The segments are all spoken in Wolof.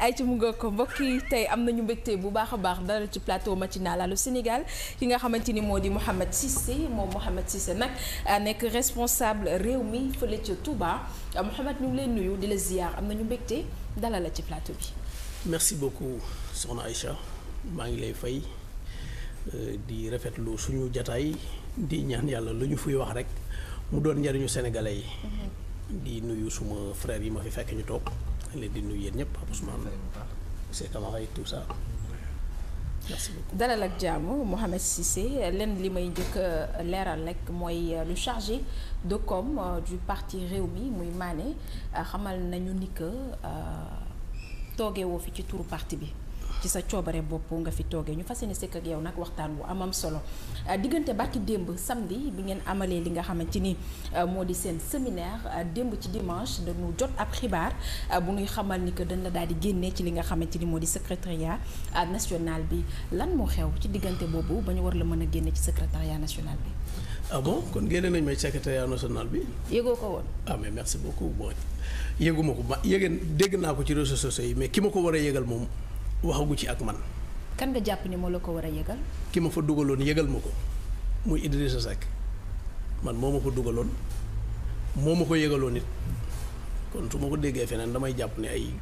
ay ci mu nga ko mbokk tey am na ñu mbégte bu baax a baax dara ci plateau matinal Allô Sénégal ki nga xamante ni moo di Mouhamed Cissé moom Mouhamed Cissé nag euh, nekk responsable réew mi fële ca Touba euh, Mouhamed ñu ngi lay nuyu di la ziyaar am na nañu mbégte dalal la ci plateau bi. merci beaucoup soxna Aïcha maa ngi lay fay euh, di rafetlu suñu jataay di ñaan yàlla lu ñu fuy wax rek mu doon njariñu sénégalais yi. Mm-hmm. di nuyu suma frères yi ma fi fekk ñu toog. leen di nuyu ñëpp Pape Ousmane monsieur Camara et tout ça dalal ak jàmm Mouhamed Cissé lenn li may njëkk euh, leeral rek mooy euh, le chargé de com euh, du parti Rewmi muy maane xamal nañu ni que toogee woo fi ci turu parti bi. ci sa coobare bopp nga fi toogee ñu fa yéene sekk ak yow nag waxtaan wu amam solo euh, diggante bàkki démb samedi bi ngeen amalee li nga xamante ni euh, moo di seen séminaire euh, démb ci dimanche dañu jot ab xibaar bu ñuy xamal ni que dañ la daal di génnee ci li nga xamante ni moo di secrétariat national bi lan moo xew ci diggante boobu ba ñu war la mën a génne ci secrétariat national bi. ah bon kon génne nañ may secrétariat national bi. yëgoo ko woon. ah mais merci beaucoup bon yëgu ko ma yëgeen naa ko ci réseaux sociaux yi mais ki ma ko war a yëgal moom. waxagu ci ak man. kan nga jàpp ni moo la ko war a yëgal. ki ma fa dugaloon yëgal ma ko muy Idrissa Seck man moo ma ko dugaloon moo ma ko yëgaloon nit kon su ma ko déggee feneen damay jàpp ne ay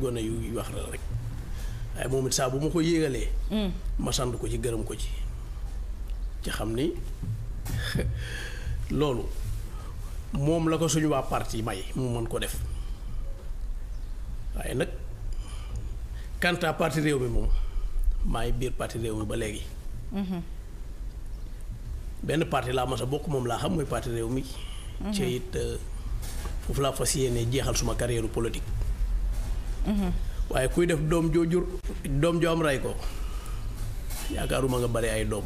gone yu wax la waaye moom it saa bu ma ko yëgalee. Mm. ma sant ko ci gërëm ko ci ci xam ni loolu moom la ko suñu waa parti may mu mën ko def waaye nag. quant à parti réew mi moom maay biir parti réew mi ba léegi. Mhm. benn parti laa mas a bokk moom laa xam mooy parti réew mi. Mhm. ci it euh, foofu laa fas yéene jeexal suma carrière politique. Mhm. waaye kuy def doom joo jur doom joo am rey ko yaakaaruma nga bari ay doom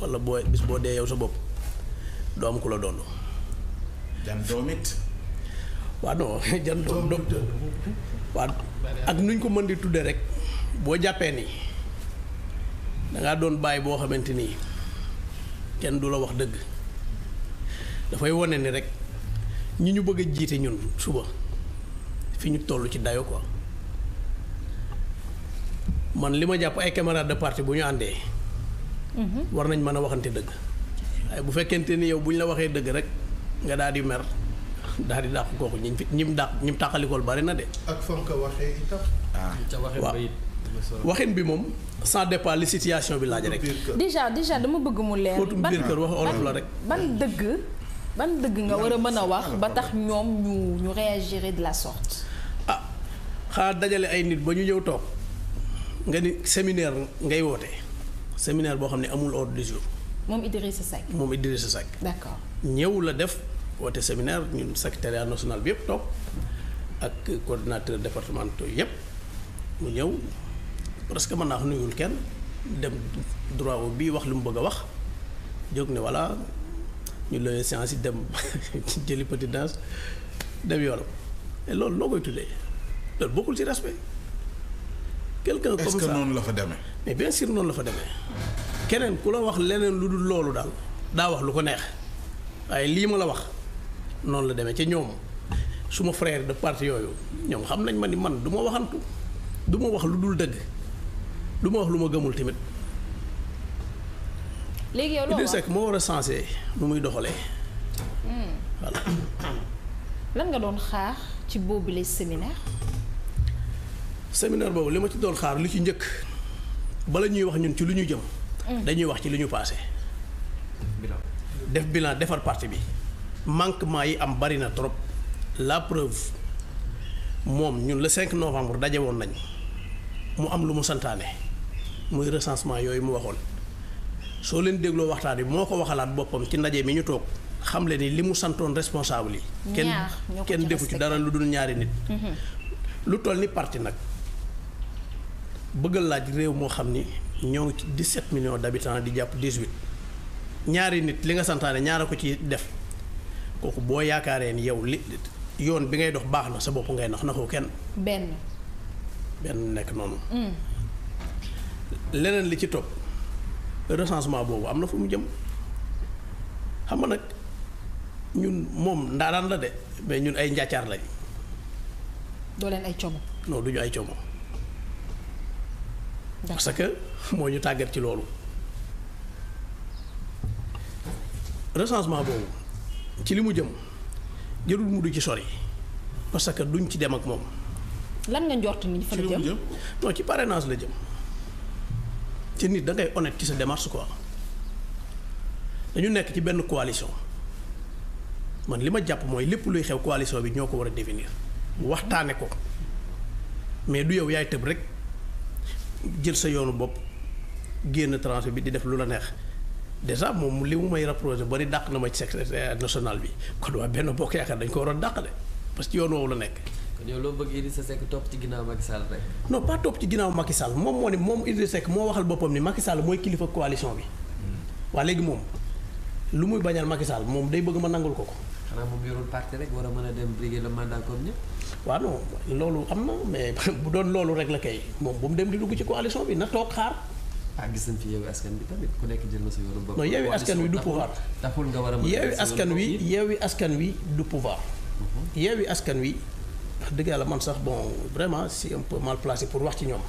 wala boo bis boo dee yow sa bopp doom ku la doon. waa non jant doom waaw ak nuñ ko mën di tudde rek boo jàppee ni dangaa doon bàyyi boo xamante nii kenn du la wax dëgg dafay wane ni rek ñi ñu bëgg jiite ñun suba fi ñu toll ci dayo ko man li ma jàpp ay camarades de bu ñu àndee mhm. war nañ mën a waxante dëgg waaye bu fekkente ni yow bu ñu la waxee dëgg rek nga daal di mer daal di dàq kooku ñi fi ñi mu dàq ñi mu tàqalikool bari na de. ak fa nga ko waxee itam. Ah. waaw waxin bi moom sans dépend li situation bi laaj rek. déjà déjà dama bëgg mu leer. xóotum biir kër wax olof la rek. ban dëgg ban dëgg nga war a mën a wax ba tax ñoom ñu ñu réagir de la sorte. ah xanaa dajale ay nit ba ñu ñëw toog nga ni séminaire ngay woote séminaire boo xam ne amul ordre du jour. moom Idrissa Seck. moom Idrissa sa d'accord ñëw la def. woote séminaire ñun secrétariat national bi yëpp toog ak coordinateur départementaux yëpp mu ñëw presque mën naa wax nuyul kenn dem droit au bii wax lu mu bëgg a wax jóg ne voilà ñu looyee séance yi dem jëli petit danse dem loolu loo koy bokkul ci respect. quelqu'un comme ça est-ce noonu la fa demee keneen ku la wax leneen lu dul loolu daal daa wax lu ko neex waaye lii ma la wax. noonu la demee ca ñoom suma frère de parti yooyu ñoom xam nañ ma ni man du ma waxantu du ma wax lu dul dëgg lu ma wax lu ma gëmul tamit. léegi yow loo wax moo war a sensé nu muy doxalee. Hmm. voilà. lan nga doon xaar ci boobule séminaire. séminaire boobu li ma ci doon xaar lu ci njëkk bala ñuy wax ñun ci lu ñu jëm. Hmm. dañuy wax ci lu ñu paase. def bilan defar parti bi. manquement yi am bari na trop la preuve moom ñun la 5 novembre daje woon nañ mu am lu mu santaane muy recensement yooyu mu waxoon soo leen dégloo waxtaan bi moo ko waxalaat boppam ci ndaje mi ñu toog xam le ni li mu santoon responsable yi. kenn kenn defu ci dara lu dul ñaari nit. Mm-hmm. lu toll ni parti nag bëgg laaj réew moo xam ni ñoo ngi ci 17 millions d' habitants di jàpp 18 ñaari nit li nga santaane ñaara ko ci def. kooku boo yaakaaree ni yow li yoon bi ngay dox baax na sa bopp ngay nax naxoo kenn. benn. benn nekk noonu. Mm. leneen li ci topp recensement boobu am na fu mu jëm xam nga nag ñun moom ndaanaan la de mais ñun ay njaacaar lay doo leen ay como. non du ñu ay como. parce que moo ñu tàggat ci loolu recensement boobu. ci li mu jëm jërul mu du ci sori parce que duñ ci dem ak moom. lan nga njort ni fa la jëm ci parrainage la jëm ci nit da ngay honnête ci sa démarche quoi dañu nekk ci benn coalition man li ma jàpp mooy lépp luy xew coalition bi ñoo ko war a définir waxtaane ko mais du yow yaay tëb rek jël sa yoonu bopp génn tranche bi di def lu la neex. dèjà moom li mu may rapproché bari dàq na ma ci secrétaire euh, national bi kon waa benn bokk yaakaar dañ ko waroon dàq de parce que yoon woowu la nekk. kon yow loo bëgg Idrissa Seck topp ci ginnaaw Macky Sall rek. non pas topp ci ginnaaw Macky Sall moom moo ne moom Idrissa Seck moo waxal hmm. moom day bëgg ma nangul ko ko. xanaa moom yorul parti rek war a mën a dem briguer le mandat loolu am na mais bu doon loolu rek la kay moom bu mu dem di dugg ci coalition bi na toog xaar. ah gis nañ yeewi askan bi tamit ku nekk jël na sa yoonu bopp. non yeewi askan wi du pouvoir taxul nga war mhm. a yeewi askan wi yeewi askan wi du pouvoir. yeewi askan wi wax dëgg yàlla man sax bon vraiment c'est un peu mal placé pour wax ci ñoom.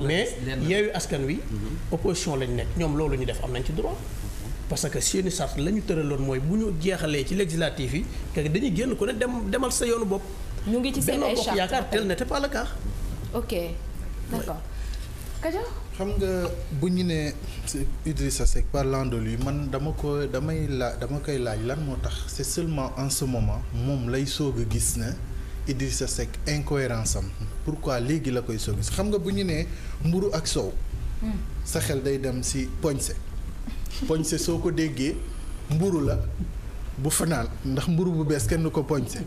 mais yeewi askan wi. Mhm. opposition lañ nekk ñoom loolu ñu def am nañ ci droit. Mhm. parce que seeni sart la ñu tëraloon mooy bu ñu jeexalee ci législatif yi que dañuy génn ko ne dem demal sa yoonu bopp. ñu ngi ci seen ay charte yaakaar tel na te le cas. ok d'accord. xam nga bu ñu nee Idrissa Seck parlant de lui man dama ko damay laa dama koy laaj lan moo tax c'est seulement en ce moom lay soog a gis na Idrissa Seck incohérence am pour quoi léegi la koy soog a xam nga bu ñu nee mburu ak soow sa xel day dem si poñse poñse soo ko déggee mburu la bu fanaal ndax mburu bu bees kenn du ko poñse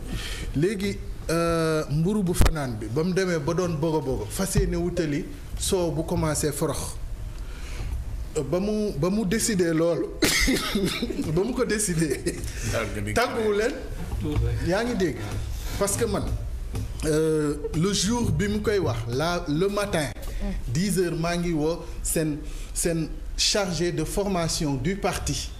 léegi Euh, mburu bu fanaan bi ba mu demee ba doon bogo bogo fas yéene wutali soow bu commencé forox ba mu ba mu décidé loolu ba mu ko décidé tàgguwu yaa ngi dégg parce que man Euh, le jour bi mu koy wax la le matin mm. dix heures maa ngi woo seen seen chargé de formation du parti.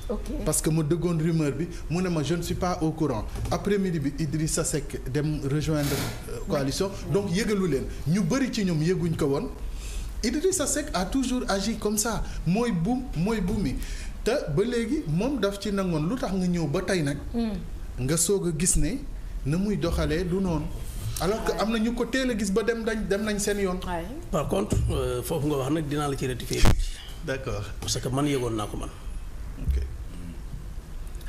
parce que ma dëggoon rumeur bi mu ne ma jeune ne pas au courant après midi bi sa Seck dem rejoindre euh, coalition donc yëgalu leen ñu bëri ci ñoom yëguñ ko woon sa Seck a toujours agi comme ça mooy buum mooy buumi te ba léegi moom daf ci nangoon lu tax nga ñëw ba tey nag hmm. nga soog a gis ne na muy doxalee du noonu alors que am na ñu ko teel a gis ba dem dañ dem nañ seen yoon par contre euh, foofu nga wax nag dinaa la ci d'accord parce que man yëgoon naa ko man. ok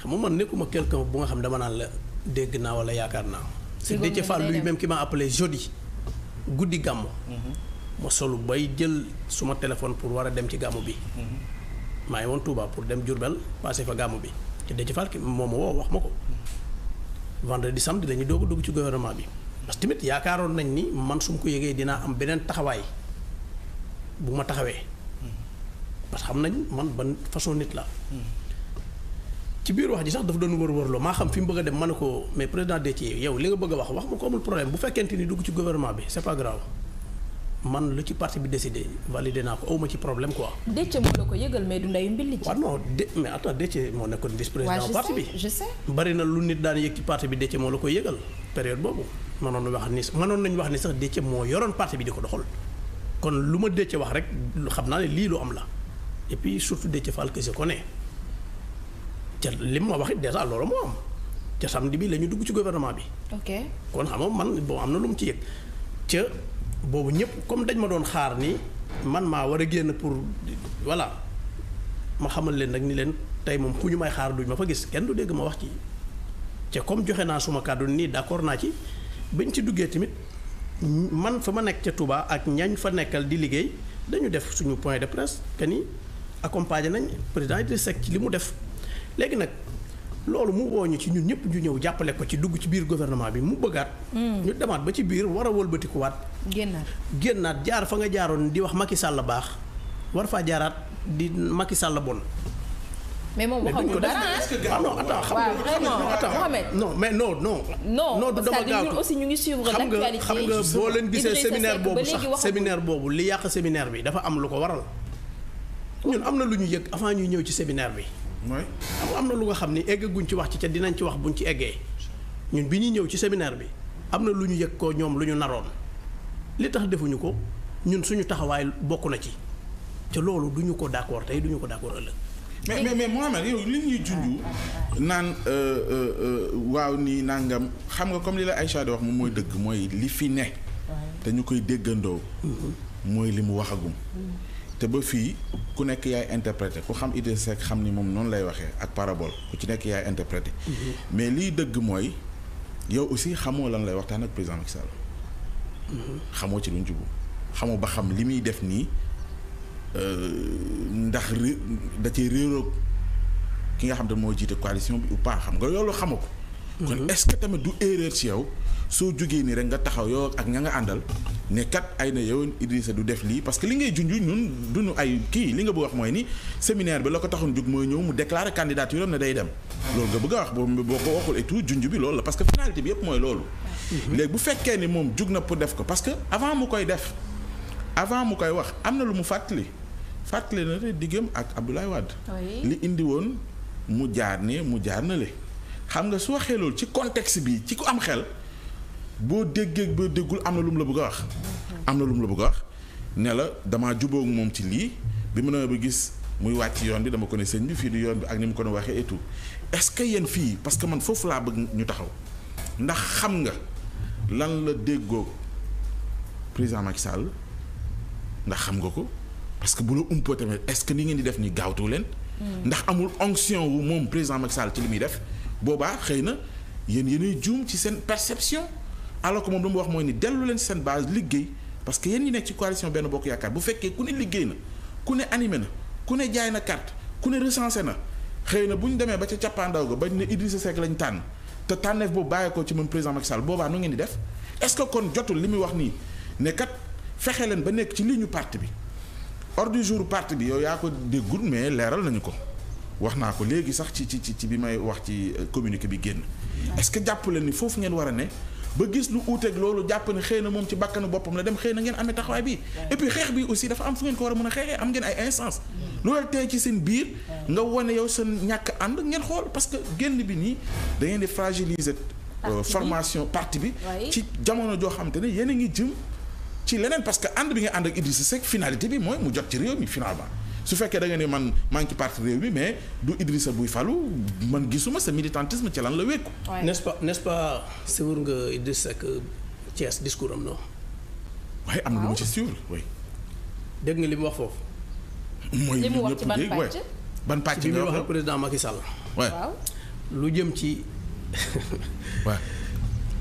xam nga man nekkuma quelqu'un bu nga xam dama naan la dégg naa wala yaakaar naa. si Déthié Fall luy même ki m'a appelé jeudi guddi gàmmu. Mhm. ma solu bay jël suma téléphone pour war a dem ci gàmmu bi. Mhm. maa ngi woon Touba pour dem Diourbel passé fa gàmmu bi te Déthié Fall ki moom ma woo wax ma ko. Mhm. vendredi samedi la ñu doo a dugg ci gouvernement bi. parce que yaakaaroon nañ ni man su ma ko yëgee dinaa am beneen taxawaay bu ma taxawee. parce que xam nañ man ban façon nit la ci biir wax ji sax dafa doon wër-wërloo maa xam fi mu bëgg a dem ma ne ko mais président Déthié yow li nga bëgg a wax wax ma ko amul problème bu fekkente ni dugg ci gouvernement bi c'est pas grave man lu ci parti bi décidé naa ko awma ci problème moo la ko yëgal mais du ndeyu mbili ci. waaw non mais attends Déthié moo nekkoon vice président bari na lu nit daan yëg ci parti bi Déthié moo la ko yëgal période boobu mënoon wax ni mënoon nañu wax ni sax Déthié moo yoroon parti bi di ko kon lu ma Déthié wax rek xam naa ne lii am la. et puis surtout Déthié Fall que je connais ca li ma wax it dèjà loolu moo am ca samedi bi la dugg ci gouvernement bi. ok kon xam nga man boo am na lu mu ci yëg ca boobu ñëpp comme dañ ma doon xaar ni man maa war a génn pour voilà ma xamal leen nag ñi leen tey moom ku ñu may xaar duñ ma fa gis kenn du dégg ma wax ci ca comme joxe naa suma kàddu nii d'accord naa ci bañ ci duggee tamit man fa ma nekk ca tubaa ak ñañ fa nekkal di liggéey dañu def suñu point de presse que accompagné nañ président Idrissa Seck ci li mu def léegi nag loolu mu woo ci ñun ñëpp ñu ñëw jàppale ko ci dugg ci biir gouvernement bi mu bëggaat. Hmm. ñu demaat ba ci biir war a wëlbatikuwaat. génnaat génnaat jaar fa nga jaaroon di wax Macky la baax war faa jaaraat di Macky Sall bon. mais moom waxagul dara ah non attends xam nga non mais non non. non du dama gaaw aussi ñu ngi suivre l'actualité xam nga boo leen gisee séminaire boobu sax séminaire boobu li yàq séminaire bi dafa am lu ko waral. ñun am na lu ñu yëg avant ñuy ñëw ci séminaire bi. mooy am na lu nga xam ni eggaguñ ci wax ci ca dinañ ci wax buñ ci eggee ñun bi ñuy ñëw ci séminaire bi am na lu ñu yëg ko ñoom lu ñu naroon li tax defuñu ko ñun suñu taxawaay bokk na ci ca loolu du ñu ko d'accord tey duñu ñu ko d'accord ëllëg. mais mais mais Mouhamed yow li ñuy junj naan euh, euh, euh, waaw nii nangam xam nga comme li la Aïcha di wax moom mooy dëgg mooy li fi ne. te ñu koy déggandoo. Mm-hmm. mooy li mu waxagum. Mm-hmm. te ba fii ku nekk yaay interprété ku xam Idrissa Seck xam ni moom noonu lay waxee ak parabole ku ci nekk yaay interprété. Mhm. mais liy dëgg mooy yow aussi xamoo lan lay waxtaan ak président Macky Sall. Mhm. xamoo ci luñ jubu xamoo ba xam li muy def nii euh, ndax da ci réeroog ki nga xam ne moo jiite coalition bi ou xam nga loolu xama ko. kon mhm. est-ce que tamit du erreur ci yow soo jugee nii rek nga taxaw yow ak ña nga àndal ne kat ay na yow Idrissa du def lii parce que li ngay junj ñun du duñu ay kii li nga bëgg wax mooy ni séminaire bi la ko taxoon jug mooy ñëw mu déclarer candidature am ne day dem. loolu nga bëgg a wax boo ko waxul et tout junj bi loolu la parce que finalité bi yëpp mooy loolu. Mhm. léegi bu fekkee ni moom jug na pour def ko parce que avant mu koy def avant mu koy wax am na lu mu fàttali fàttali na diggam ak Abdoulaye Wade. li indi woon mu jaar ne mu jaar na le. xam nga su waxee loolu ci contexte bi ci ku am xel boo déggeek boo déggul am na lu la bugg a wax. am na lum la bëgg a wax ne la damaa jubóog moom ci lii bi mu ne ba gis muy wàcc yoon bi dama ko ne sëñ bi fii du yoon bi ak ni mu ko ne waxee et tout est que yéen fii parce que man foofu laa bëgg ñu taxaw ndax xam nga lan la déggoo président Macky Sall ndax xam nga ko parce que bu la umpoo tamit est-ce que li ngeen di def ni gaawtu leen. Hmm. ndax amul onction wu moom président Macky ci li muy def. boobaa xëy na yéen yéenay juum ci seen perception alors que moom lu mu wax mooy ni dellu leen seen base liggéey parce que yéen ñi nekk ci coalition benn bokk yaakaar bu fekkee ku ne liggéey na ku ne animé na ku ne jaay na carte ku ne recensé na xëy na bu ñu demee ba ca cappaandaw ga bañ ne Idrissa Seck lañ tànn te tànneef boobu bàyyi ko ci moom président Macky Sall boobaa nu ngeen di def est-ce que kon jotul li muy wax nii ne kat fexe leen ba nekk ci ligne parti bi ordre jour parti bi yow yaa ko déggul mais leeral nañu ko. wax naa ko léegi sax ci ci ci bi may wax ci euh, communiqué bi génn est que jàpp leen ni foofu ngeen war ne ba gis lu uuteeg loolu jàpp ne xëy na moom ci bàkkanu boppam la dem xëy na ngeen amee taxawaay bi et puis xeex bi aussi dafa am fu ngeen ko war a mën a xeexee am ngeen ay instance loolu tey ci seen biir nga wane yow seen ñàkk ànd ngeen xool parce que génn bi nii da ngeen di fragiliser euh, formation parti bi ci jamono joo xam te ne yéen a ngi jëm ci leneen parce que ànd bi nga ànd ak Idrissa bi mooy mu jot ci réew mi finalement su fekkee da nga ne man maa ngi ci parti réew mi mais du Idrissa buy falu man gisuma sa militantisme ci lan la wékku. n'est-ce pas n'est-ce pas suivre nga Idrissa ak euh, Thiès discours am non. waaye am na lu mu ci suivre oui. dégg nga li mu wax foofu. mooy li mu wax ci ban pàcc. ban pàcc bi mu wax ak président Macky Sall. waaw lu jëm ci. waa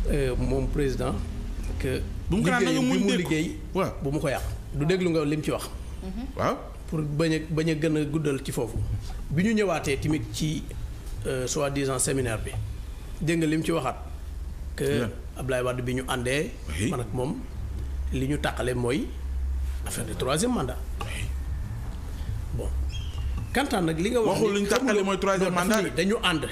euh, moom président. que bu mu ko naan nga muñ dégg liggéey bu mu liggéey bu mu ko yàq du déglu nga lim ci wax. Mhm. waaw. pour bañ a bañ a gën a guddal ci foofu bi ñu ñëwaatee tamit ci euh, soi-disant séminaire bi dégg nga li mu ci waxaat que Ablaye Wade bi ñu àndee man ak moom li ñu tàqale mooy affaire de troisième mandat bon kantaan nag li nga wax waxul li ñu tàqale mooy troisième bi dañu ànd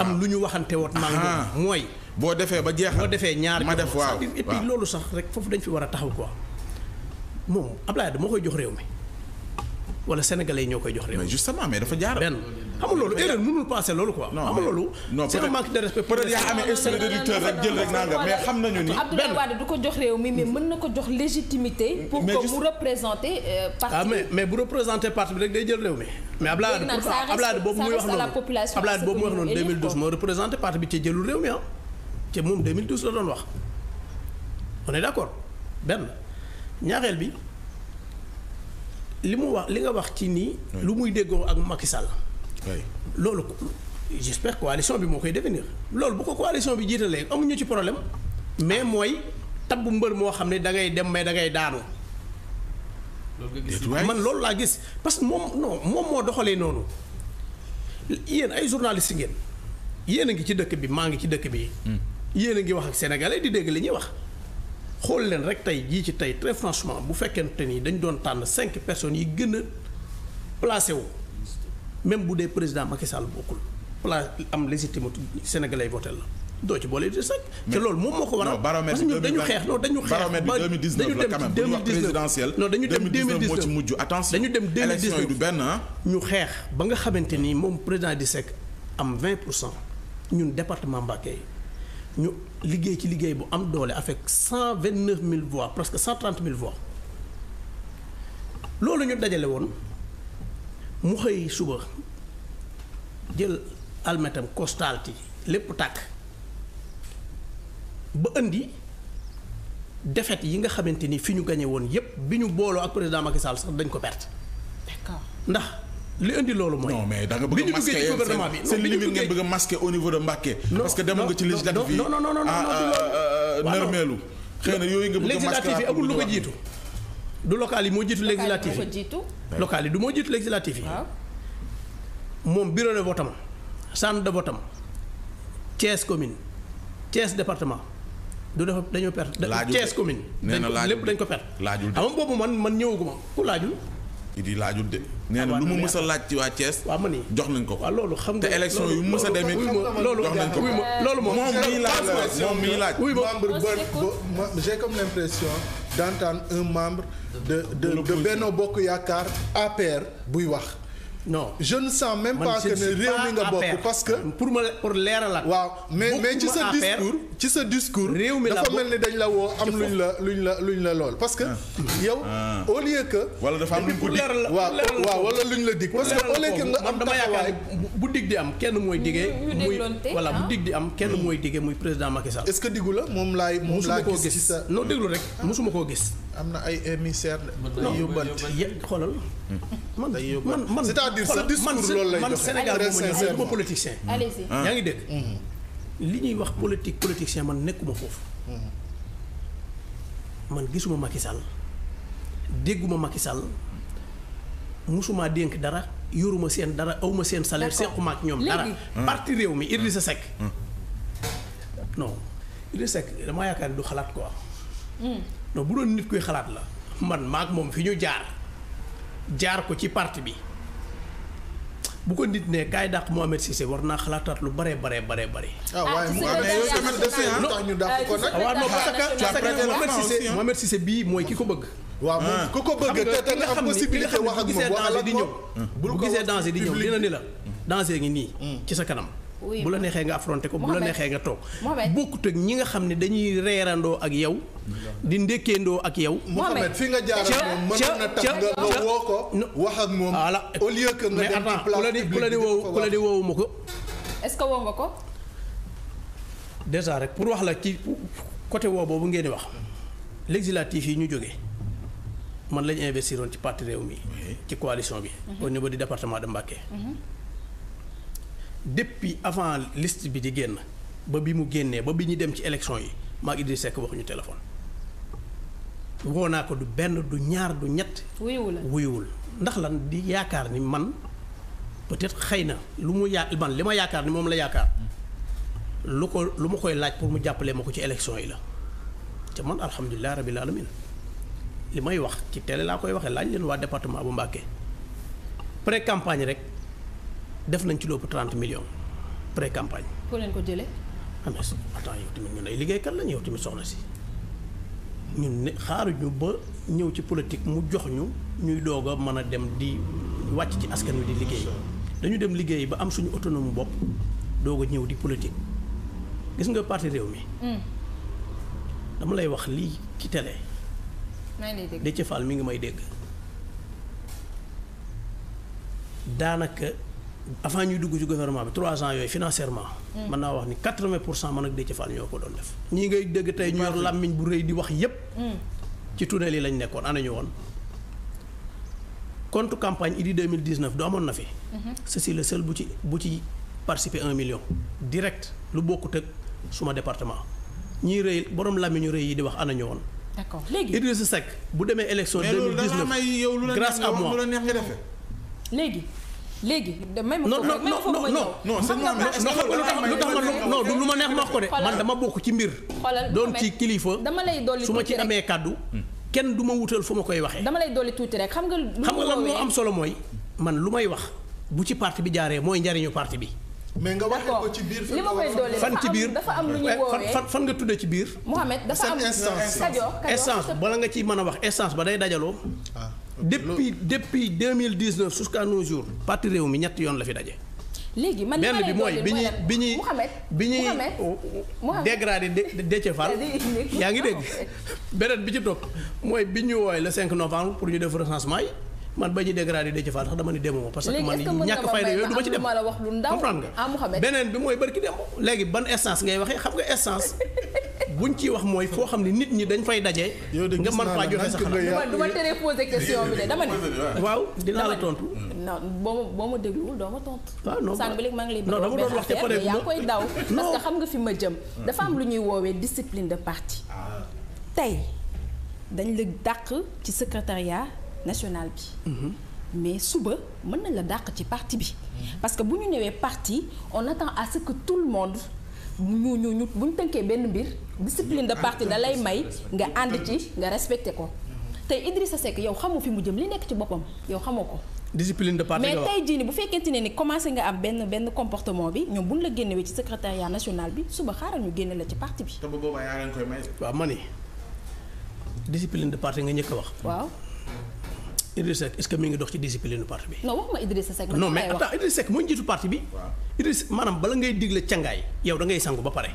am ah. lu ñu waxante woon maanaam ah. mooy boo defee ba jeexal boo defee ñaar ma def waaw et loolu sax rek foofu dañ fi war a taxaw quoi moom Ablaye moo koy jox réew mi wala sénégalais yi ñoo koy jox réew. mais justement mais dafa jaar. benn xam nga loolu erreur mënul passé loolu quoi. non mais non manque de respect. peut yaa amee extrait d'auditeur rek jël rek nangam mais xam nañu ni. benn du ko jox réew mi mais mën na ko jox légitimité. pour que mu représenté euh, parti ah mais mais bu représenté parti bi rek day jël réew mi. mais Abdoulaye Wade pourtant Abdoulaye Wade boobu muy wax noonu Abdoulaye Wade boobu muy wax noonu 2012 moo représenté parti bi ci ah. bi. li mu wax li nga wax ci nii. lu muy déggoo ak Macky Sall. loolu j'espère coalition bi moo koy devenir loolu bu ko coalition bi jiitalee amuñu ci problème mais mooy tabb mbër moo xam ne da ngay dem mais da ngay daanu. man loolu laa gis parce que moom moom moo doxalee noonu yéen ay journalistes ngeen yéen a ngi ci dëkk bi maa ngi ci dëkk bi. Hmm. yéen a ngi wax ak sénégalais di dégg li ñuy wax. xool leen rek tey jii ci tey très franchement bu fekkente ni dañu doon tànn cinq personnes yi gën a placé wu même bu dee président Macky Sall bokkul place am légitimité sénégalais voté la doo ci boole di sax. te loolu moom moo ko waral. non baromètre bi dañu xeex non dañu xeex. baromètre bi 2019 la quand même bu ñu wax présidentielle. non dañu dem 2019 moo ci mujj attention. dañu dem 2019 élection yi ñu xeex ba nga xamante ni moom président di Seck am vingt pour cent ñun département Mbacké. ñu liggéey ci liggéey bu am doole avec cent vingt neuf mille voix presque cent trente mille voix loolu ñu dajale woon mu xëy suba jël almetam costalti lépp tàkk ba indi défaite yi nga xamante ni fi ñu gañe woon yépp bi ñu booloo ak président Macky Sall sax dañ ko perte. ndax. li indi loolu mooy. mais da nga a masquer bi ñu duggee ci gouvernement bi. seen limite ngeen bëgg a masquer de Mbacké. parce que demoon nga ci législative yi. non non non non ah, ah, ah, na yooyu nga bëgg amul lu ko jiitu. du local yi moo jiitu législative yi local yi du moo jiitu législative yi. moom bureau de vote am centre de vote am Thiès commune Thiès département. du def dañoo perte. laajul Thiès commune. nee na laajul lépp dañ ko perte. laajul boobu man man ñëwaguma ku laajul. idi laajut de nee na ah, lu mu mës a laaj ci waa Thiès. waaw man jox nañ ko ko loolu xam nga te élection yu mu mës a demee. loolu jox nañ ko ko loolu moom miy laaj la moom miy laaj. membre ba j'ai comme l'impression d'entendre un membre de de de Benno Bokk Yaakaar APR buy wax. non jeune ne sens même pas que ne réew mi nga bokk parce que pour ma pour leeralaat waaw mais mais ci sa discours ci réew mi la dafa mel ni dañ la woo am luñ la luñ la luñ la lool parce que ah. yow ah. au lieu que wala dafa am luñ ko dig waaw waaw wala luñ la dig parce que au lieu que nga am dama yaakaar bu dig di am kenn mooy digee muy voilà bu ah. dig di am kenn hmm. mooy digee muy président Macky Sall est-ce que diggu la moom laay moom laa gis ci sa déglu rek mosuma koo gis am na ay émissaires. day yóbbante xoolal. Hmm. man man man c'est-à-dire ce discours loolu lay joxe man Sénégal moom ma politicien. yaa ngi dégg. Hmm. li ñuy wax politique politicien man nekkuma foofu. Hmm. man gisuma Macky Sall dégguma Macky Sall musuma dénk dara yoruma seen dara awma seen salaire. sequma ak ñoom dara. parti réew mi Idrissa Seck. non Idrissa Seck damaa yaakaar du xalaat quoi. Hmm. non bu doon nit kuy xalaat la man maak moom fi ñu jaar jaar ko ci parti bi bu ko nit ne kaay dàq Mohamed Cissé war naa xalaataat lu bare bare bare bare. ah waaye ah, mu amee yooyu tamit def si tax ñu dàq ko nag. Ah, waaw non bii mooy ki ko bëgg. waaw moom ah. ku ko bëgg te te am possibilité wax ak moom hmm. bu gisee danger di ñëw bul ko gisee danger di ñëw li dina ni la danger ngi nii hmm. ci sa kanam. bu la neexee nga affronté ko bu la neexee nga toog bokkut ak ñi nga xam ne dañuy reerandoo ak yow di ndékkeendoo ak yow Mohamed fi nga jaar ak moom mën na ko wax ak moom voilà au lieu que nga dem ci place la di woowu ku la ma ko est-ce que woo nga ko déjà rek pour wax la ci côté woo boobu ngeen di wax législatif yi ñu jógee man lañu investiroon ci parti réew mi ci coalition bi mhm. au niveau du département de Mbacké mhm. depuis avant list bi di génn ba bi mu génnee ba bi ñu dem ci élection yi maag Idriss Seck waxuñu téléphone woo naa ko du benn du ñaar du ñett. wuyuwul wuyuwul ndax lan di yaakaar ni man peut-être xëy na lu mu yaa man li ma yaakaar ni moom la yaakaar lu ko lu ma koy laaj pour mu jàppale ma ko ci élection yi la te man alhamdulilah rabil alamin li may wax ci télé laa koy waxee laaj leen waa département bu Mbacké pré campagne rek. def nañ ci lépp 30 million pré campagne. foo leen ko jëlee. ah mais attends yow tamit ñun ay liggéeykat lañ yow tamit soxna si ñun ne xaaruñu ba ñëw ci politique mu jox ñu ñuy doog a mën a dem di wàcc ci askan wi di liggéey dañu dem liggéey ba am suñu autonome bopp doog a ñëw di politique gis nga parti réew mi. Hmm. dama lay wax lii ci télé. maa ngi mi ngi may dégg daanaka. avant ñuy dugg ci gouvernement bi trois ans yooyu financièrement. Mm. mën naa wax ni quatre vingt pour cent man ak Déthié Fall ñoo ko doon def. ñii ngay dégg tey ñu yor làmmiñ bu rëy di wax yépp mm. ci tunnel yi lañ nekkoon ana woon. compte campagne Idy du amoon na fi. Mm-hmm. ceci le bu ci bu ci participer un million. direct lu bokkut suma département ñiy rëy borom làmmiñu rëy yi di wax ana ñu woon. d'accord léegi Idrissa Seck bu demee élection. 2019 grâce à moi léegi. léegi de non non non non xam nga lu tax ma non du lu ma neex ma wax ko de man dama bokk ci mbir doon ci kilifa dama lay dolli su ma ci amee kàddu hmm. kenn du ma wutal fu ma koy waxee dama lay dolli tuuti rek xam nga xam nga lan moo am solo mooy hmm. man lu may wax bu ci parti bi jaaree mooy njariñu parti bi mais nga waxee ko ci biir li ma koy doole fan ci biir dafa am lu ñu eh, woowee fan nga tuddee ci biir Mohamed dafa am essence bala nga ci mën a wax essence ba day dajaloo ah. depuis depuis deux mille dix neuf jusqu'à no jours parti réew mi ñetti yoon la fi daje. léegi man benn bi mooy bi ñuy bi ñuy bi ñuy dégradé Déthié yaa ngi dégg beneen bi ci topp mooy bi ñu wooy le 5 novembre pour ñu def recensement yi man ba ñuy dégradé Déthié Fall sax dama ni demoo parce que man ñàkk fayda yooyu du ci dem comprendre nga ah, beneen bi mooy barki dem léegi ban instance ngay waxee xam nga instance bu buñ ciy wax mooy foo xam ne nit ñi dañ fay daje. nga mën faa joxe sa xalaat. du ma teree posé question bi de dama ne. waaw dinaa la tontu. non boo ma boo ma dégluwul doo ma tontu. waaw ah, non sànq ba maa ngi lay. non dama doon wax koy daw. parce xam nga fi ma jëm. dafa am lu ñuy woowee discipline de parti. tey dañ la dàq ci secrétariat national bi. mais suba mën nañ la dàq ci parti bi. parce que bu ñu ñëwee parti on attend à ce tout le monde. ñu ñu ñu bu ñu tënkee benn mbir discipline de parti da lay may nga ànd ci nga respecté ko tey Idrissa Seck yow xamoo fi mu jëm li nekk ci boppam yow xamoo ko discipline de parti mais tey jii bu fekkente ne ni commencé nga am benn benn comportement bi ñoom buñ la génnewee ci national bi suba xaaral ñu génne la ci parti bi. te bu boobaa yaa leen koy may. de parti nga njëkk wax. waaw. Idrissa Seck est-ce que mi ngi dox ci discipline parti bi. non waxuma Idrissa Seck. non mais attends Idrissa bi. waaw Idrissa bala ngay digle cangaay yow da ngay sangu ba pare.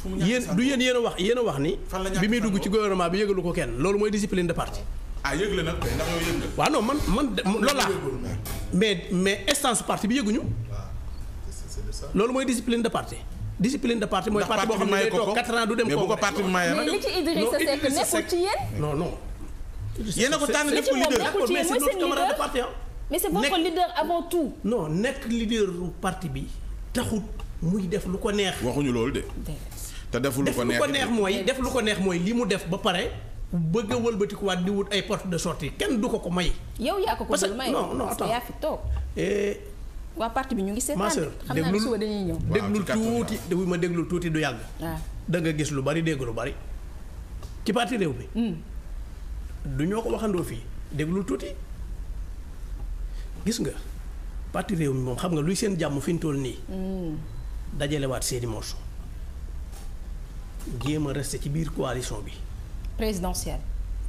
fu mu yéen du yéen yéen wax yéen a wax ni. bi muy dugg ci gouvernement bi yëgalu ko kenn loolu mooy discipline de parti. ah yëgle nag ndax yow yëg nga. waaw non man bi yëguñu. loolu mooy discipline de parti. discipline de parti mooy parti boo xam ne day toog 4 du dem. mais bu li ci Idrissa Seck nekkul ci yéen. non non. yéen a ko tànn def ko leader mais de parti mais c'est votre leader avant tout. non nekk leader bu parti bi taxut muy def lu ko neex. waxuñu loolu de. te deful lu ko neex def lu neex mooy def lu ko neex mooy li mu def ba pare. bëgg a wëlbatikuwaat di wut ay porte de sortie kenn du ko ko may. yow yaa ko ko dul may non non attends yaa fi toog. Eh, waa bi ñu ngi seetaan xam naa ne suba dañuy ñëw. déglul tuuti déglu ma déglul tuuti du yàgg. Ah. da nga gis lu bari dégg lu bari ci parti réew bi du ñoo ko waxandoo fii déglul tuuti gis nga parti réew mi moom xam nga luy seen jàmm fi ñu toll nii. Mm. dajalewaat seeni morceau jéem a resté ci biir coalition bi. présidentielle.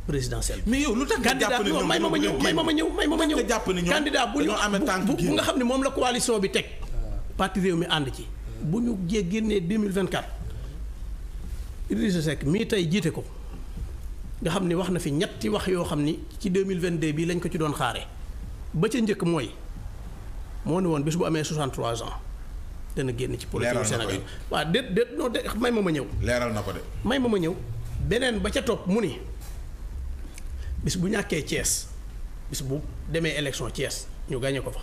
présidentielle mais yow lu tax nga jàpp ne may ma ma ñëw may ma ma ñëw may ma ma ñëw. candidat bu ñu bu nga xam ne moom la coalition bi teg. Ah. parti réew mi ànd ci. bu ñu génnee 2024 Idrissa Seck mii tey jiite ko. nga xam ni wax na fi ñetti wax yoo xam ni ci mille 2022 bii lañ ko ci doon xaare ba ca njëkk mooy moo ne woon bis bu amee 63 ans dana génn ci politique Sénégal waaw déet déet non de may ma ma ñëw leeral na ko de may ma ma ñëw beneen ba ca topp mu ni bis bu ñàkkee Thiès bis bu demee élection Thiès ñu gàñe ko fa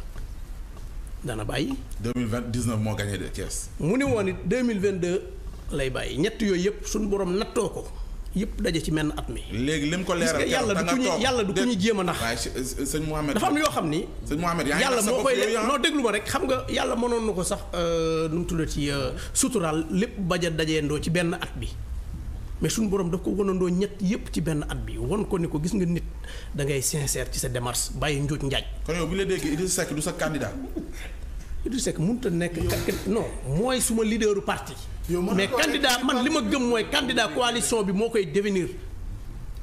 dana bàyyi 2019 moo gàñe de Thiès mu ni woon it 2022 lay bàyyi ñett yooyu yëpp suñu boroom nattoo ko yëpp daje ci menn at mi. léegi lim ko leeral yàlla du ku ñu yàlla du ku ñu jéem a nax. waay sëñ Mouhamed dafa am yoo xam ni. sëñ Mouhamed yaa yàlla moo koy lekk ah? non déglu ma rek xam nga yàlla mënoon na ko sax euh, nu mu tuddee ci euh, suturaal lépp bañ dajee ndoo ci benn at bi. mais suñu borom daf ko wonandoo ñett yëpp ci benn at bi won ko ni ko gis nga nit dangay ngay sincère ci sa démarche bàyyi njuuj njaaj. kon yow bu ñu la déggee Idrissa Seck du sa candidat. Idrissa Seck mënut a nekk non mooy suma leaderu parti. mais candidat man li ma gëm mooy candidat coalition bi moo koy devenir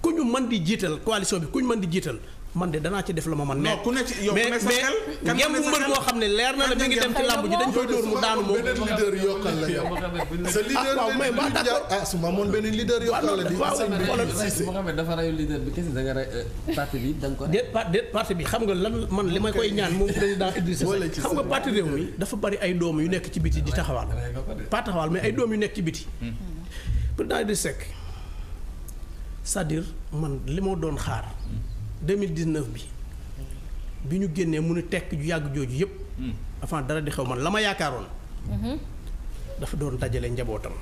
ku ñu mën di jiital coalition bi ku ñu mën di jiital man de danaa ci def la ma man nekk. non ku ne ci yow mais mais ngeen mu mbër boo xam ne leer na la mi ngi dem ci làmb ji dañ koy dóor mu daanu moom. beneen leader yokkal la yow. sa leader ah, waaw mais ba d'accord ah su ma amoon beneen leader yokkal la di. waaw Mouhamed dafa rayu leader bi kese da nga ray euh, parti bi da nga ko. déet pa déet parti bi xam nga lan man li may koy ñaan moom président Idrissa Seck xam nga parti réew mi dafa bari ay doom yu nekk ci biti di taxawal. pas taxawal mais ay doom yu nekk ci biti. Hmm. président Idrissa Seck c'est-à-dire man li ma doon xaar. Hmm. 2019 bi bi ñu génnee mu ne tekk ju yàgg jooju yëpp. Hmm. avant dara di xew man la ma yaakaaroon. Mhm. dafa doon dajale njabootam.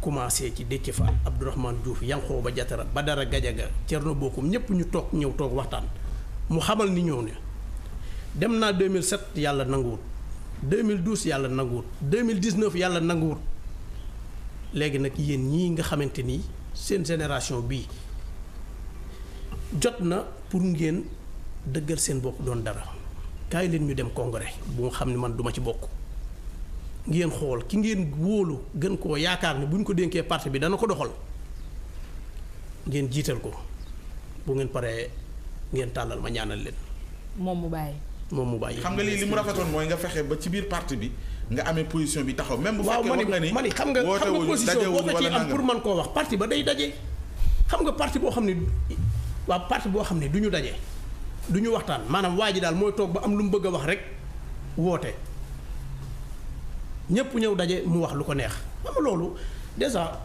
commencé ci Déthié Fall Abdourahmane Diouf ba dara Badara Gadiaga Thierno Bocoum ñëpp ñu toog ñëw toog waxtaan mu xamal ni ñëw ne dem naa 2007 yàlla nanguwut 2012 yàlla nanguwut 2019 yàlla nanguwut léegi nag yéen ñii nga xamante ni seen génération bii jot na. pour ngeen dëggal seen bopp doon dara kaay leen ñu dem congrès bu nga xam ne man duma ci bokk ngeen xool ki ngeen wóolu gën koo yaakaar ne bu ñu ko denkee parti bi dana ko doxal ngeen jiital ko bu ngeen paree ngeen tàllal ma ñaanal leen. moom mu bàyyi. moom mu bàyyi xam nga mu rafetoon mooy nga fexe ba ci biir parti bi nga amee position bi taxaw même bu fekkee wax nga ni ma ni xam nga xam nga position boo ko ci am pour man koo wax parti ba day daje xam nga parti boo xam ne waa parti boo xam ne du ñu daje du ñu waxtaan maanaam waa ji daal mooy toog ba am lu mu bëgg a wax rek woote ñëpp ñëw daje mu wax lu ko neex xam loolu déjà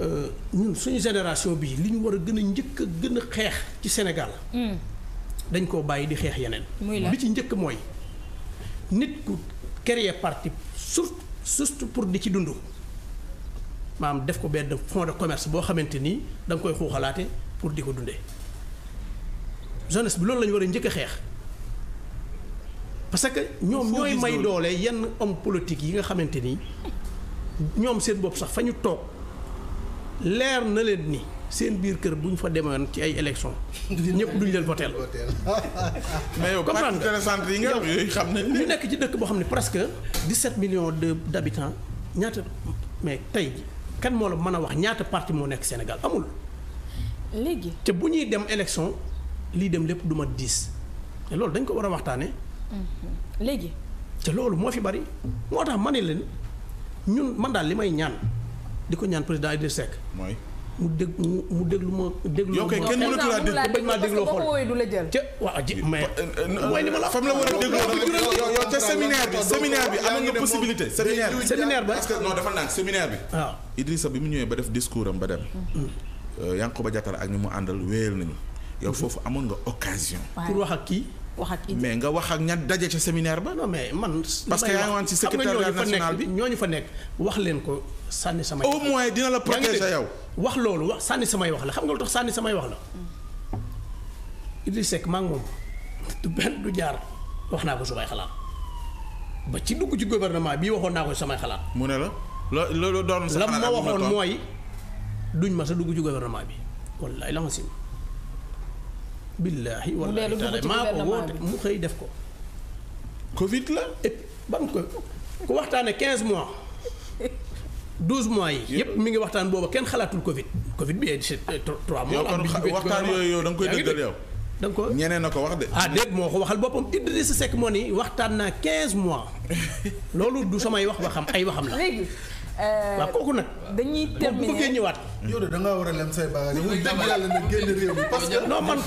euh, ñun suñu génération bi li ñu war a gën a njëkk a gën a xeex ci Sénégal. Hmm. dañ koo bàyyi di xeex yeneen. li ci njëkk mooy nit ku créer parti surtout surtout pour di ci dund maanaam def ko benn fonds de commerce boo xamante ni da nga koy xuuxalaate. pour di ko dundee jeunesse bi loolu lañu war a njëkk a xeex parce que ñoom ñooy may doole yenn homme politique yi nga xamante ni ñoom seen bopp sax fa ñu toog leer na leen ni seen biir kër bu ñu fa demoon ci ay élection ñëpp duñu leen voteel mais yow comprendre nga yi nga yooyu xam nañ ñu nekk ci dëkk boo xam ne presque 17 millions de d' habitants ñaata mais tey kan moo la mën a wax ñaata partie moo nekk Sénégal amul léegi te bu ñuy dem élection lii dem lépp du ma diis te loolu dañ ko war a waxtaanee. léegi. te loolu moo fi bari moo tax ma ne leen ñun man daal li may ñaan di ko ñaan président Idriss Seck. mooy mu dég mu déglu ma déglu. dégloo xool ma a dégloo ca séminaire bi séminaire bi am nga possibilité. séminaire bi séminaire bi. waaw Idrissa bi mu ñëwee ba def discours ba dem. Euh, ba Diattara ak ñu mu àndal wéyal nañu. yow foofu amoon nga occasion. pour wax ak kii. wax mais nga wax ak ña daje ca séminaire ba. mais man. parce que yaa ngi woon ci secrétariat national bi ñooñu fa nekk wax leen ko sànni samay. au moins dina la protéger yow. wax loolu wax sànni samay wax la xam nga lu tax samay wax la. Idriss Seck maa jaar wax naa ko sumay xalaat ba ci dugg ci gouvernement bi waxoon naa ko samay xalaat. mu ne la loo loolu doon sa xalaat la ma waxoon mooy. duñ mas a dugg ci gouvernement bi wallaay la nga sim billaahi wallahi maa ko woote mu xëy def ko covid la et ban ko ku waxtaane quinze mois douze mois yi yépp mi ngi waxtaan booba kenn xalaatul covid covid bi c'est eh, trois mois waxtaan yooyu yow koy dëggal yow ko ñeneen na ko wax de ah déet moo ko waxal boppam Idrissa Seck moo ni waxtaan naa quinze mois loolu du samay wax waxam ay waxam la léegi euh, kooku nag dañuy terminer bu bëggee ñëwaat yow de da a lem say bagages yow man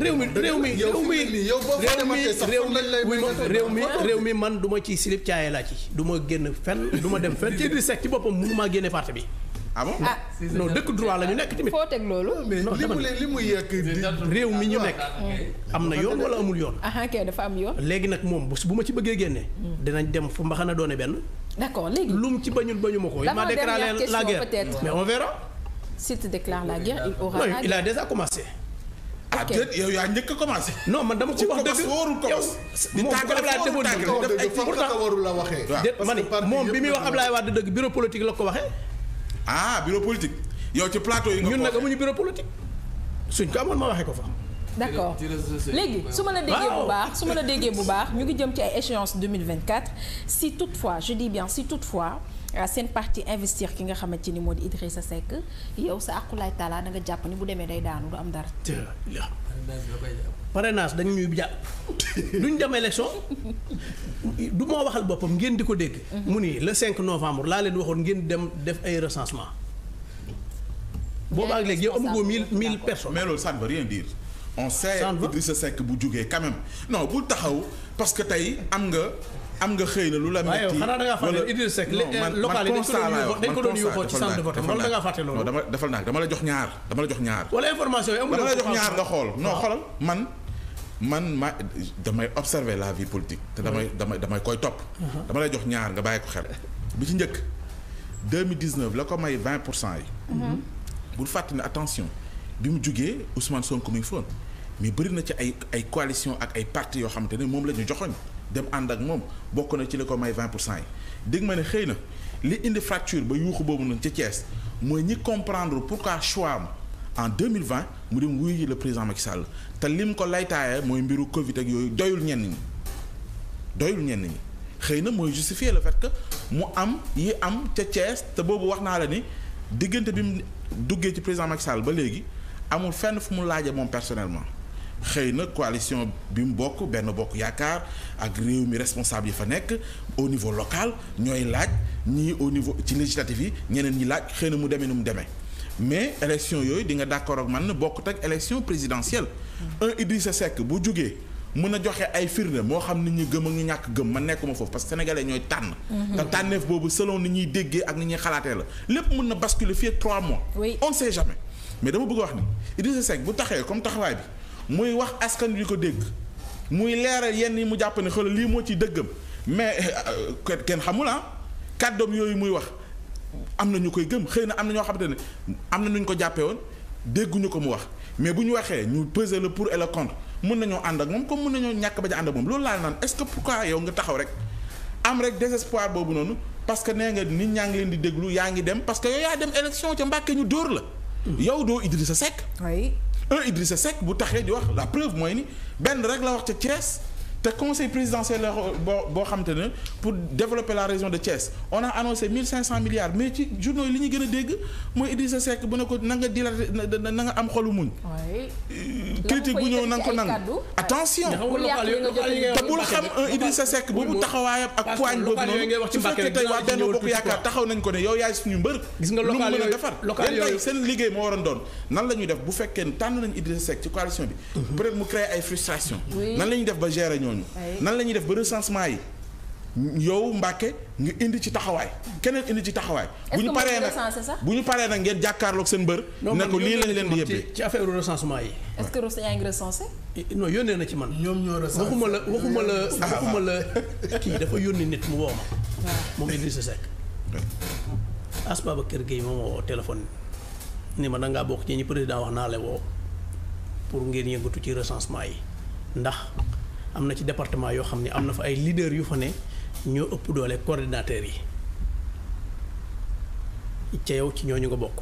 réew mi réew mi réew mi yow boo fa dematee sax réew réew mi mi man du ma ci slip caaye laa ci du ma génn fenn du ma dem fenn ci biir sec ci boppam mënu maa génne parti bi. ah bon ah, dëkk droit la ñu nekk tamit. foo teg loolu. non li mu li mu réew mi ñu nekk. Ah. am na yoon wala amul yoon. ah kay am yoon. léegi nag moom bu bu ma ci bëggee génne. Hmm. dinañ dem fu mbaxana doone benn. d'accord léegi. lu mu ci bañul bañu ma ko. ma déclaré la guerre mais on s'il te déclare la guerre il aura. non il a déjà commencé. ok ah, yow yaa njëkk a commencé. non man dama ko wax dëgg warul commencé. di tàggat foofu tàggat def ay moom bi muy wax Ablaye Wade dëgg bureau politique la ko waxee. ah bureau politique. yow ci plateau yi nga ñun nag amuñu bureau politique. suñ ko amoon ma waxee ko fa. d'accord léegi su ma la déggee bu baax su ma la déggee bu baax ñu ngi jëm ci ay échéances 2024 si toutefois je dis bien Euh, seen parti investir ki nga xamante ni moo di sa Seck yow sa àqulaay taala da nga jàpp ni bu demee day daanu du am dara. parrainage dañ ñuy jàpp duñ dem élection du moo waxal boppam ngeen di ko dégg. Mhm. mu ni le cinq novembre laa leen waxoon ngeen dem def ay recensement. boobaag léegi yow amagoo mille mille personnes. mais loolu ça ne veut rien bu jugee quand no bul taxaw parce que tey am nga. am nga xëy na lu la metti xanaa da ngaa fàtte Idriss Seck local yi dañ ko doon yuuxoo ci centre de vote wala da ngaa fàtte loolu dama defal naa dama la jox ñaar dama la jox ñaar la jox ñaar nga xool non xoolal man man ma damay observer la vie politique te damay damay koy topp uh-huh. dama lay jox ñaar nga bàyyi ko xel bi ci njëkk 2019 la ko may 20 pour cent yi uh-huh. bul fàtte ne attention bi mu jugee Ousmane Sonko mi ngi foon mais bëri na ci ay ay coalition ak ay parti yoo xamante ne moom la ñu joxoñ dem ànd ak moom bokk na ci li ko may 20 pour cent yi dégg ma ne xëy na li indi fracture ba yuuxu boobu noonu ca Thiès mooy ñi comprendre pourquoi choix am en 2020 mu dem wuyu le président Macky Sall te lim ko laytaaye mooy mbiru Covid ak yooyu doyul ñenn ñi doyul ñenn ñi xëy na mooy justifier le fait que mu am yi am ca Thiès te boobu wax naa la ni diggante bi mu duggee ci président Macky Sall ba léegi amul fenn fu mu laajee moom personnellement. xëy na coalition bi mu bokk benn bokk yaakaar ak réew mi responsable yi fa nekk au niveau local ñooy laaj ñii au niveau ci législatif yi ñeneen ñi laaj xëy na mu demee nu mu demee mais élection yooyu di nga d'accord ak man bokkut ak élection présidentielle. Mm. un Idrissa Seck bu jugee mën a joxe ay firnde moo xam ni ñu gëm a ngi ñàkk gëm man nekkuma foofu parce que sénégalais ñooy tànn. Mm-hmm. te tànneef boobu selon ni ñuy déggee ak ni ñuy xalaatee la lépp mën na basculer fii trois mois. on ne sait jamais mais dama bëgg wax ni Idrissa Seck bu taxee comme taxawaay bi. muy wax askan wi ko dégg muy leeral yenn yi mu jàpp ne xoolal lii moo ci dëggam mais euh, kenn xamul ah kàddoom yooyu muy wax am na ñu koy gëm xëy na am na ñoo xamante ne am na nu ñu ko jàppee woon ñu ko mu wax mais bu ñu waxee ñu peser le pour et le contre mun nañoo ànd ak moom comme mun nañoo ñàkk ba ja ànd ak moom loolu laa naan est-ce que pourquoi yow nga taxaw rek am rek désespoir boobu noonu parce que nee nga nit ñaa ngi leen di déglu yaa ngi dem parce que yow yaa dem élection ca Mbàkke ñu dóor la. Mm. yow doo Idrissa Seck. un Idrissa Seck bu taxee di wax la preuve mooy ni benn rek la wax ca Thiès te conseil présidentiel la boo boo xam te ne pour développer la région de Thiès on a annoncé mille cinq milliards mais ci journaux yi li ñu gën a dégg mooy Idrissa Seck bu ne ko na am xolu muñ. Euh, critique bu ko nangu attention te bul xam un euh, Idrissa Seck boobu taxawaayam ak poigne boobu noonu su fekkee tey waa benn bokk yaakaar taxaw nañ ko ne yow yaay suñu mbër lu mën a defar yéen tey seen liggéey moo waroon doon nan la def bu fekkee tànn nañ Idrissa Seck ci coalition bi mhm. peut mu créer ay ñooñu nan la ñuy def ba recensement yi yow Mbàkke nga indi ci taxawaay keneen indi ci taxawaay bu ñu paree nag bu ñu paree nag ngeen jàkkaarloog seen bër ne ko lii lañ leen di yëbbee ci affaire recensement yi est-ce que yaa ngi recensé eh, non yónnee na ci man ñoom ñoo recensé waxuma la waxuma la ah. waxuma la kii dafa yónni nit mu woo ma moom Idrissa Seck As kër Gueye moom woo téléphone ni ma dangaa bokk ci ñi président wax naale woo pour ngeen yëngatu ci recensement yi ndax am na ci département yoo xam ne am na fa ay leaders yu fa ne ñoo ëpp doole coordinateurs yi ca yow ci ñooñu nga bokk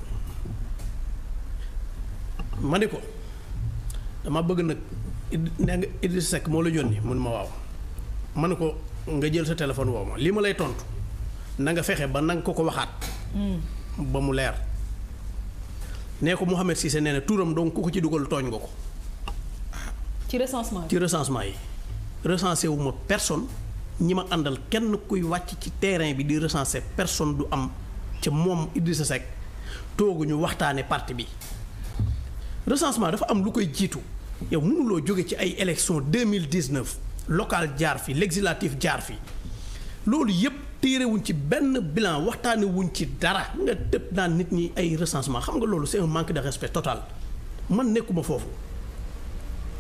ma ne ko dama bëgg nag nee nga Idrissa Seck moo la yónni mun ma waaw ma ne ko nga jël sa téléphone woo ma li ma lay tontu na nga fexe ba nanga ko ko waxaat hmm. ba mu leer nee ko Mouhamed Cissé nee na tuuram donc ku ko ci dugal tooñ nga ko ci recensement ci recensement yi recensé wu ma personne ñi ma àndal kenn kuy wàcc ci terrain bi di recensé personne du am ca moom Idrissa Seck tooguñu waxtaane parti bi recensement dafa am lu koy jiitu yow mënuloo jóge ci ay élection 2019 local jaar fi législatif jaar fi loolu yëpp téere wuñ ci benn bilan waxtaane wuñ ci dara nga tëb naan nit ñi ay recensement xam nga loolu c'est un manque de respect total man nekkuma foofu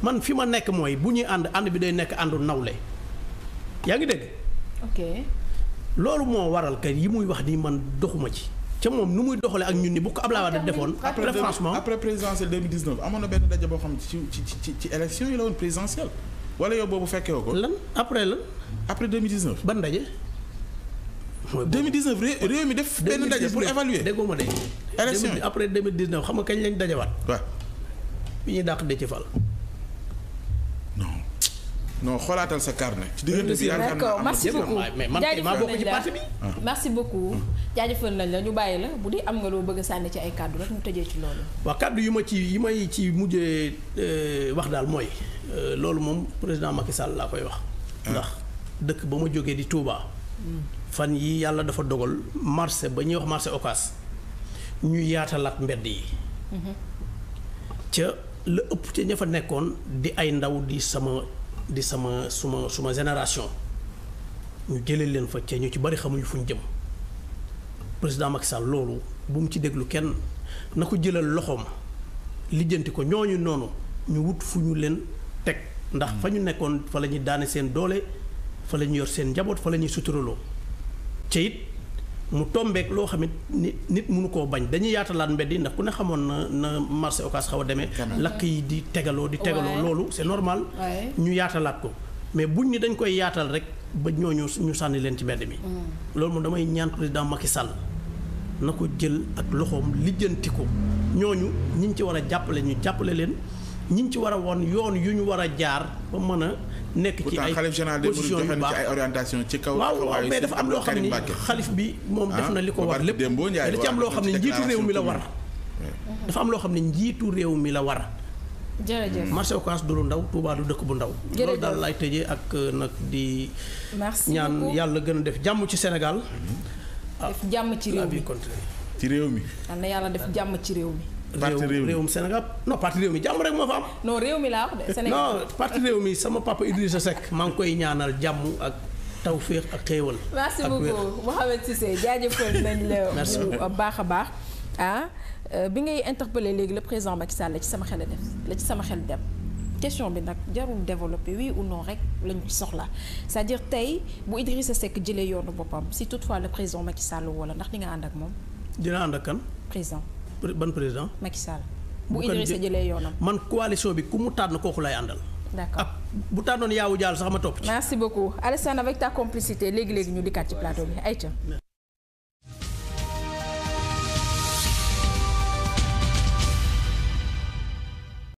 man fi ma nekk mooy bu ñuy ànd ànd bi day nekk àndu nawle yaa ngi dégg. ok loolu moo waral kay yi muy wax ni man doxuma ci. ca moom nu muy doxalee ak ñun ni bu ko Abdoulaye Wade defoon. après franchement après présidentielle 2019 amoon na benn daje boo xam ci ci ci ci élection yi la woon présidentielle. wala yow boobu fekkee ko. lan après lan. après 2019. ban daje. mooy 2019 ré réew mi def benn daje pour évaluer. déggoo ma de. élection yi après 2019 xam nga kañ lañ dajawaat. waaw. bi ñuy dàq de Fall. non xoolaatal sa carnet. ci diggante bi yaakaar naa am merci beaucoup merci beaucoup jaajëfal nañ la ñu bàyyi la bu dee am nga loo bëgg a sànni ci ay kàddu rek ñu tëjee ci loolu. waa kàddu yu ma ci yi may ci mujjee euh, wax daal mooy euh, loolu moom président Macky Sall laa koy wax. Ah. ndax dëkk ba ma jógee di Touba. fan yi yàlla dafa dogal marché ba ñuy wax marché Ocass ñu yaatalaat mbedd yi. Mhm. ca la ëpp ca ña fa nekkoon di ay ndaw di sama. di sama suma suma génération ñu jëlee leen fa ci ñu ci bari xamuñu fu ñu jëm président Macky Sall loolu bu mu ci déglu kenn na ko jëlal loxoom lijjanti ko ñooñu noonu ñu wut fu ñu leen teg. ndax fa ñu nekkoon fa la ñuy daane seen doole fa la ñuy yor seen njaboot fa la ñuy suturaloo. te it mu tombeek loo xamit ni nit mënu koo bañ dañuy yaatalaat mbedd yi ndax ku ne xamoon na na marché Ocass xaw a demee lakk yi di tegaloo di tegaloo loolu c'est normal ñu yaatalaat ko mais buñ ñu dañ koy yaatal rek ba ñooñu ñu sànni leen ci mbedd mi mm. loolu moom damay ñaan président Macky Sall na ko jël ak loxoom lijjanti ko ñooñu ñi ñu ci war a jàppale ñu jàppale leen ñi ñu ci war a woon yoon yu ñu war a jaar ba mën a nekk ci ay position yu baax waaw waaw mais dafa am loo xam ni xalif bi moom def na li ko ah, war lépp da ci am xam ne njiitu réew mi la war dafa am loo xam ne njiitu réew mi la wara jërëjëf marché Ocass du lu ndaw Touba du dëkk bu ndaw loolu daal laay tëjee ak euh, nag di ñaan yàlla gën a def jàmm ci senegal jàmm ah, ci réew mi ci réew mi yàlla def jàmm ci réew mi parti réew réewum Sénégal non parti réew mi jàmm rek moo fa am. non réew mi laa wax de Sénégal non parti réew mi sama papa Idrissa Seck maa ngi koy ñaanal jàmm ak. tawféex ak xéewal. ak merci beaucoup Mouhamed Cissé jaajëfal nañ la. merci beaucoup baax a baax. ah euh, bi ngay interpeller léegi le président Macky Sall la ci sama xel a def la ci sama xel dem question bi nag jarul développer wii ou non rek lañu ci soxla sa à dire tey bu Idrissa sekk jëlee yoonu boppam si toutefois le président Macky Sall wala ndax di nga ànd ak moom. dina ànd ak kan. président. ban président. Macky Sall bu Idrissa jëlee yoonam. man coalition bi ku mu tànn kooku lay àndal. d'accord ah bu tànnoon yaawu jaal sax ma topp ci. merci beaucoup Alassane avec ta complicité léegi léegi ñu dikkaat ci plateau bi ayca.